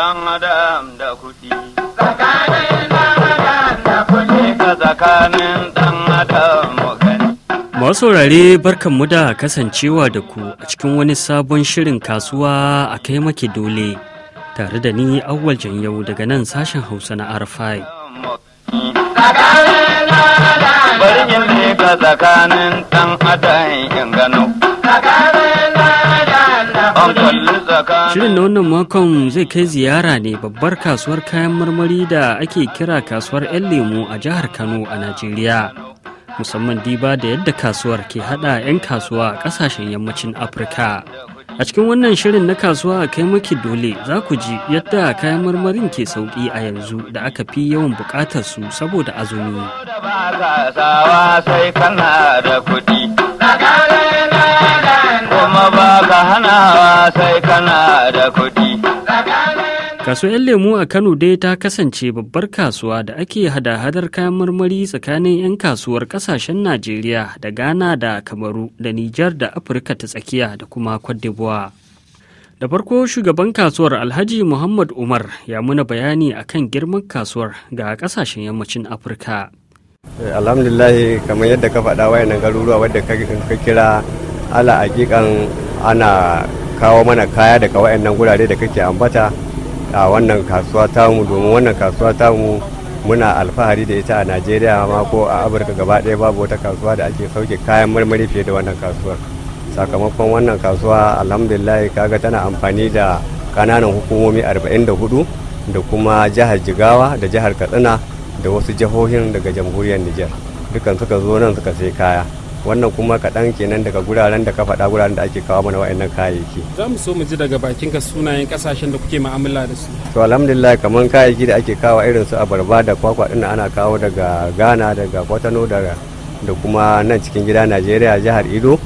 dan adam da kuɗi. Tsakanin dan adam da kuɗi. Tsakanin dan adam Masu saurare mu da kasancewa da ku a cikin wani sabon shirin kasuwa a kai make dole tare da ni awwal yau daga nan sashen hausa na arfai. Tsakanin dan adam da Tsakanin dan adam da Shirin na wannan makon zai kai ziyara ne babbar kasuwar kayan marmari da ake kira kasuwar 'yan lemu a jihar Kano a Najeriya. Musamman diba da yadda kasuwar ke hada 'yan kasuwa a kasashen yammacin Afirka. A cikin wannan shirin na kasuwa a kai maki dole za ku ji yadda kayan marmarin ke sauki a yanzu da aka fi yawan buƙatar su saboda azumi. kuma ba ka hanawa sai kana da kuɗi. Kasuwar lemu a Kano dai ta kasance babbar kasuwa da ake hada-hadar kayan marmari tsakanin 'yan kasuwar kasashen Najeriya da Ghana da Kamaru da Nijar da Afirka ta tsakiya da kuma Cote Da farko shugaban kasuwar Alhaji Muhammad Umar ya muna bayani akan girman kasuwar ga kasashen yammacin Afirka. Eh, alhamdulillah kamar yadda ka faɗa wayannan garuruwa wadda ka kira ala hakikan ana kawo mana kaya daga wayannan gurare da kake ambata a wannan kasuwa tamu domin wannan kasuwa tamu muna alfahari da ita a najeriya ma ko a afirka gaba ɗaya babu wata kasuwa da ake sauke kayan marmari fiye da wannan kasuwar sakamakon wannan kasuwa alhamdulillah kaga tana amfani da kananan hukumomi 44 da kuma jihar jigawa da jihar katsina da wasu jihohin daga jamhuriyar Nijar dukan suka zo nan suka sai kaya wannan kuma kaɗan kenan daga guraren da ka faɗa guraren da ake kawo mana wa'annan kayayyaki. Za mu so mu ji daga bakinka sunayen ƙasashen da kuke mu'amala da su. To alhamdulillah kamar kayayyaki da ake kawo irin su abarba da kwakwa ɗin ana kawo daga Ghana daga Kwatano da da kuma nan cikin gida Najeriya jihar Ido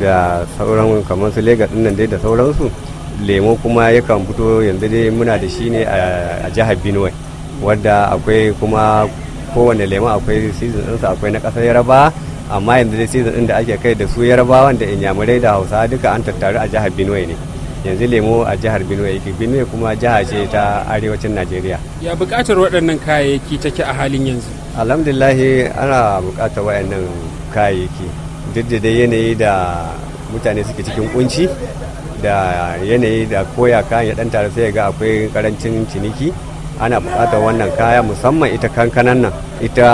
da sauran kamar su Lagos ɗin nan dai da sauransu. Lemo kuma yakan fito yanzu dai muna da shi ne a jihar Benue. wadda akwai kuma kowane lemu akwai season ɗinsa akwai na ƙasar yaraba amma yanzu dai season ɗin da ake kai da su yarabawan da inyamurai da hausa duka an tattaru a jihar benue ne yanzu lemo a jihar benue yake benue kuma jiha ce ta arewacin najeriya ya buƙatar waɗannan kayayyaki take a halin yanzu alhamdulillahi ana buƙatar waɗannan kayayyaki duk da dai yanayi da mutane suke cikin kunci da yanayi da koya kayan ya ɗan tare sai ga akwai karancin ciniki ana bukatar wannan kaya musamman ita kankanan nan ita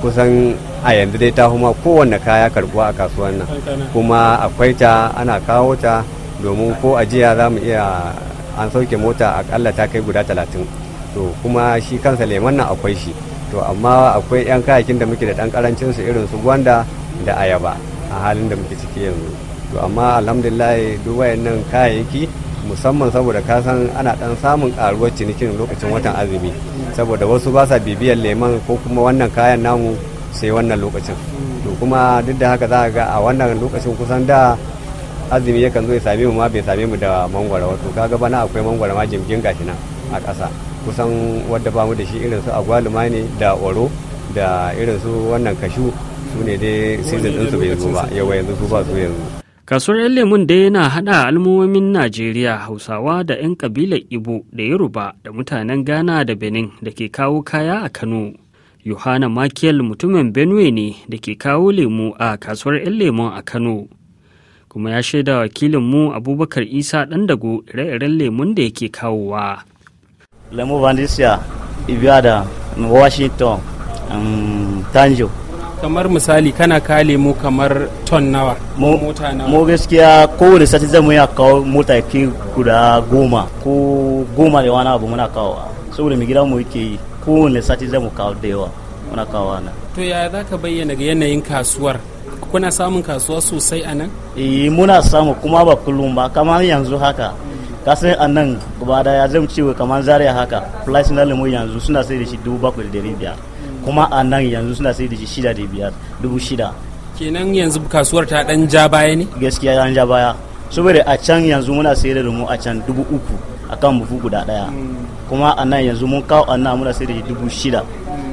kusan a yanzu dai ta kuma kowanne kaya karbuwa a kasuwan nan kuma akwai ta ana kawo ta domin ko ajiya za mu iya an sauke mota akalla ta kai guda talatin to kuma shi kansa leman nan akwai shi to amma akwai 'yan kayakin da muke da ɗan karancin su irin su gwanda da ayaba a halin da muke ciki yanzu to amma alhamdulillah duk wayannan kayayyaki musamman saboda ka san ana dan samun karuwar cinikin lokacin watan azumi saboda wasu ba sa bibiyar leman ko kuma wannan kayan namu sai wannan lokacin to kuma duk da haka za ga a wannan lokacin kusan da azumi yakan zo ya same mu ma bai same mu da mangwara wato kaga bana akwai mangwara ma jimgin gashi nan a ƙasa kusan wadda ba mu da shi irin su agwaluma ne da oro da irin su wannan kashu su ne dai season ɗinsu bai zo ba yawa yanzu su ba su yanzu Kasuwar 'yan lemun dai yana haɗa almomin Najeriya Hausawa da 'yan kabilar Ibo da Yoruba da mutanen Ghana da Benin da ke kawo kaya a Kano. Yohana Makiel mutumin Benue ne da ke kawo lemu a kasuwar 'yan lemun a Kano. Kuma ya shaida wakilinmu Abubakar Isa dago ire-iren lemun da yake kawowa. Lemu Vandisia, Ibiada, Washington, um, Tanjo, kamar misali kana kale mu kamar ton nawa mota nawa mu gaskiya kowane sati zamu ya kawo mota ke guda goma ko goma da wani abu muna kawo saboda mai gida mu yake yi kowane sati zamu mu kawo da yawa muna kawo na to ya za ka bayyana ga yanayin kasuwar kuna samun kasuwa sosai a nan eh muna samu kuma ba kullum ba kamar yanzu haka kasan a nan gaba da ya zama cewa kamar zariya haka flight na lemu yanzu suna sai da shi dubu bakwai da biyar kuma a nan yanzu suna sai da shi shida da biyar dubu shida kenan yanzu kasuwar ta dan ja baya ne gaskiya dan ja baya saboda a can yanzu muna sai da rumu a can dubu uku a kan bufu guda daya hmm. kuma a nan yanzu mun kawo a nan muna sai da dubu shida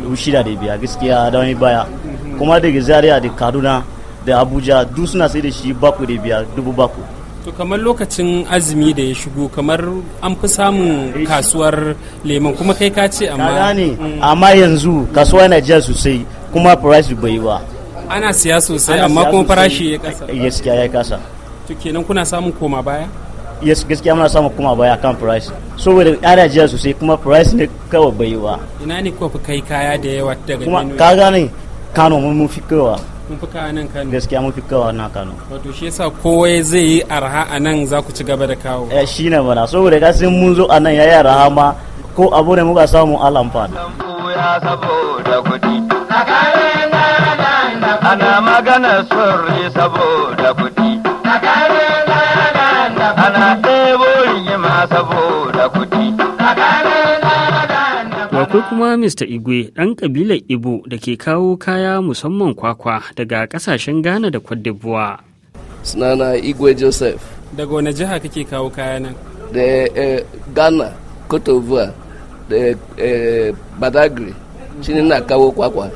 dubu shida da biyar gaskiya da wani baya hmm. kuma daga zaria da kaduna da abuja duk suna sai da shi baku da biyar dubu baku to kamar lokacin azumi da ya shigo kamar an fi samun kasuwar lemon kuma kai ka ce amma ne, amma yanzu kasuwa na jiya sosai kuma farashi bai ba ana siya sosai amma kuma farashi ya kasa gaskiya ya kasa to kenan kuna samun koma baya yes gaskiya muna samun koma baya kan price saboda ana jiya sosai kuma price ne kawai bai ba ina ne fi kai kaya da yawa daga kuma ka gane Kano mun fi kaiwa kun fi kawo nan Kano gaskiya mun fi kawo nan Kano wato shi yasa kowa zai yi arha a nan za ku ci gaba da kawo eh ne mana saboda ka sun mun zo a nan yayi arha ma ko abu ne muka samu alamfana saboda kuɗi ana magana sirri saboda kuɗi ana ɗebo rigima saboda kuɗi akwai kuma mr igwe ɗan ƙabilar ibo da ke kawo kaya musamman kwakwa daga ƙasashen ghana da d'Ivoire. sunana igwe joseph daga wani jiha kake kawo kaya nan da eh, ghana cote d'ivoire da eh, badagry shi na kawo kwakwa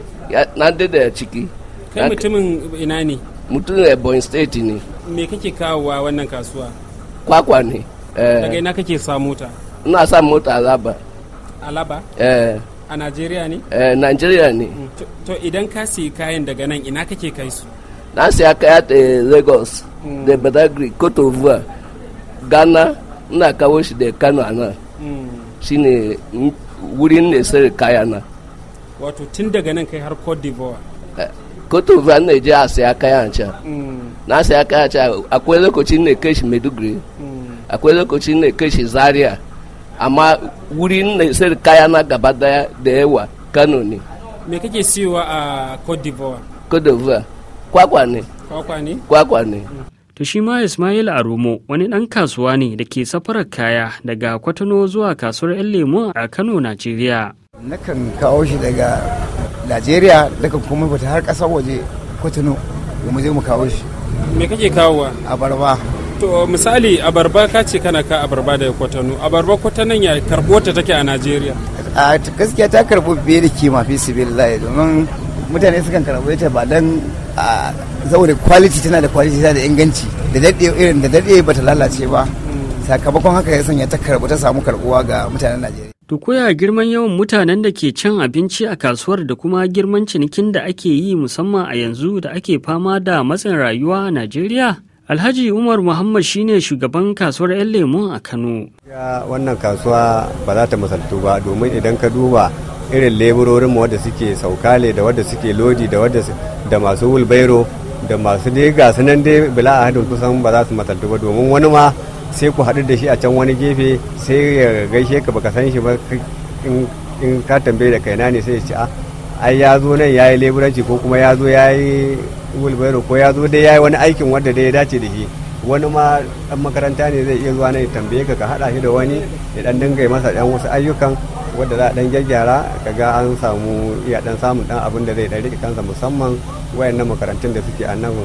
na ya ciki kai mutumin ina ne mutumin ebonyi eh, state ne me kake kawowa wannan kasuwa kwakwa ne daga ina kake sa mota ina sa mota zaba alaba eh. a najeriya ne eh najeriya ne mm. to idan ka siya kayan daga nan ina kake kai su na siya kaya da eh, lagos mm. da badagry cote d'ivoire ghana ina kawo shi da kano a nan mm. ne wurin ne sai kaya na wato tun daga nan kai har cote d'ivoire eh, cote d'ivoire na je a siya kaya a can na siya kaya a can akwai lokacin ne kai shi maiduguri akwai lokacin ne kai shi zaria amma wurin na sayar kaya na gaba daya da yawa kano ne me kake siyowa a cote d'ivoire cote d'ivoire kwakwa ne kwakwa ne kwakwa ne to shi ma ismail aromo wani dan kasuwa ne da ke safarar kaya daga kwatano zuwa kasuwar 'yan lemu a kano najeriya nakan kawo shi daga najeriya daga kuma fita har kasar waje kwatano mu je mu kawo shi me kake kawowa barba to misali abarba ka ce kana ka abarba da kwatano abarba kwatanon ya karbo ta take a najeriya a gaskiya ta karbo biye da kima fi sabilillahi domin mutane sukan karbo ta ba dan a saboda quality tana da quality tana da inganci da daɗe irin da daɗe ta lalace ba sakamakon haka ya sanya ta karbo ta samu karbuwa ga mutanen najeriya To koya girman yawan mutanen da ke cin abinci a kasuwar da kuma girman cinikin da ake yi musamman a yanzu da ake fama da matsin rayuwa a Najeriya? Alhaji Umar Muhammad shine shugaban kasuwar 'yan lemu a Kano. ya Wannan kasuwa ba za ta misaltu ba domin idan ka duba irin leburorin mu wadda suke saukale da wadda suke lodi da wadda da masu wulbairo da masu dai gasu nan dai bila a hadin kusan ba za su misaltu ba domin wani ma sai ku haɗu da shi a can wani gefe sai ya gaishe ka baka san shi ba in ka tambaye da kaina ne sai ya ce a ah, ai ya zo nan ya yi leburanci ko kuma ya zo ya yi wilbairo ko ya zo dai ya yi wani aikin wanda dai ya dace da shi wani ma dan makaranta ne zai iya zuwa nan ya tambaye ka ka hada shi da wani ya dan dinga masa yan wasu ayyukan wanda za a dan gyaggyara ga an samu iya dan samun dan abin da zai dan rike kansa musamman wayannan makarantun da suke a nan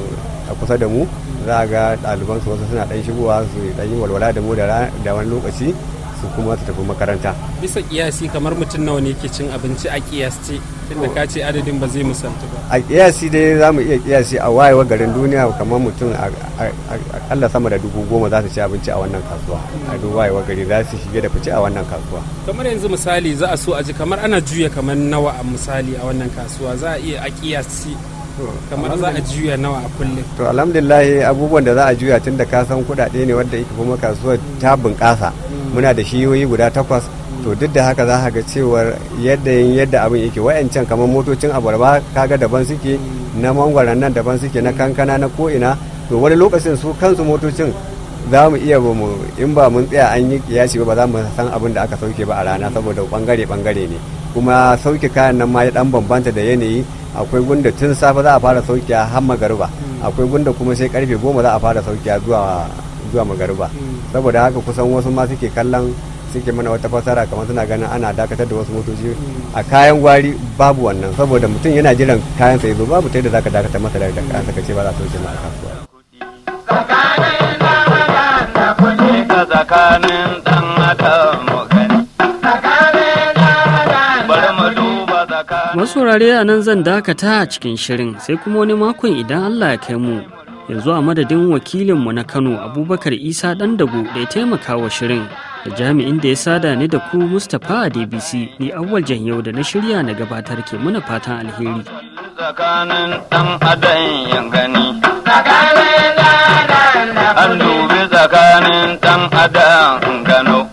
a kusa da mu za a ga ɗaliban su wasu suna dan shigowa su dan yi walwala da mu da wani lokaci su kuma ta tafi makaranta bisa kiyasi kamar mutum nawa ne ke cin abinci a kiyasce tunda ka ce adadin ba zai musanta ba a kiyasi dai za mu iya kiyasi a wayewa garin duniya kamar mutum akalla sama da dubu goma za su ci abinci a wannan kasuwa a duk wayewa gari za su shige da fice a wannan kasuwa kamar yanzu misali za a so a ji kamar ana juya kamar nawa a misali a wannan kasuwa za a iya a kiyasi kamar za a juya nawa a kullum to alhamdulillah abubuwan da za a juya tun da ka san kudade ne wadda ita kuma kasuwa ta bunƙasa muna da shiyoyi guda takwas to duk da haka za ka ga cewar yadda yin yadda abin yake wa'ancan kamar motocin abarba kaga daban suke na mangwaran nan daban suke na kankana na ko'ina to wani lokacin su kansu motocin za mu iya ba mu in ba mun tsaya an yi kiyasi ba za mu san abin da aka sauke ba a rana saboda bangare bangare ne kuma sauke kayan nan ma ya dan bambanta da yanayi akwai gunda tun safe za a fara a har magariba akwai gunda kuma sai karfe goma za a fara sauke zuwa zuwa magariba hmm. saboda haka kusan wasu ma suke kallon suke mana wata fasara kamar suna ganin ana dakatar da wasu motoci hmm. a kayan gwari babu wannan saboda mutum yana jiran kayan sai zo babu ta yadda zaka dakatar masa da hmm. kayan saka ce ba za ta wuce ma a Wasu rare a nan zan dakata a cikin shirin sai kuma wani makon idan Allah ya kai mu yanzu a madadin wakilinmu na kano abubakar isa ɗan dago da ya taimaka wa shirin da jami'in da ya sada ni da ku mustapha a dbc ni awwal yau da na shirya na gabatar ke muna fatan alheri tsakanin dan adan tsakanin dan gano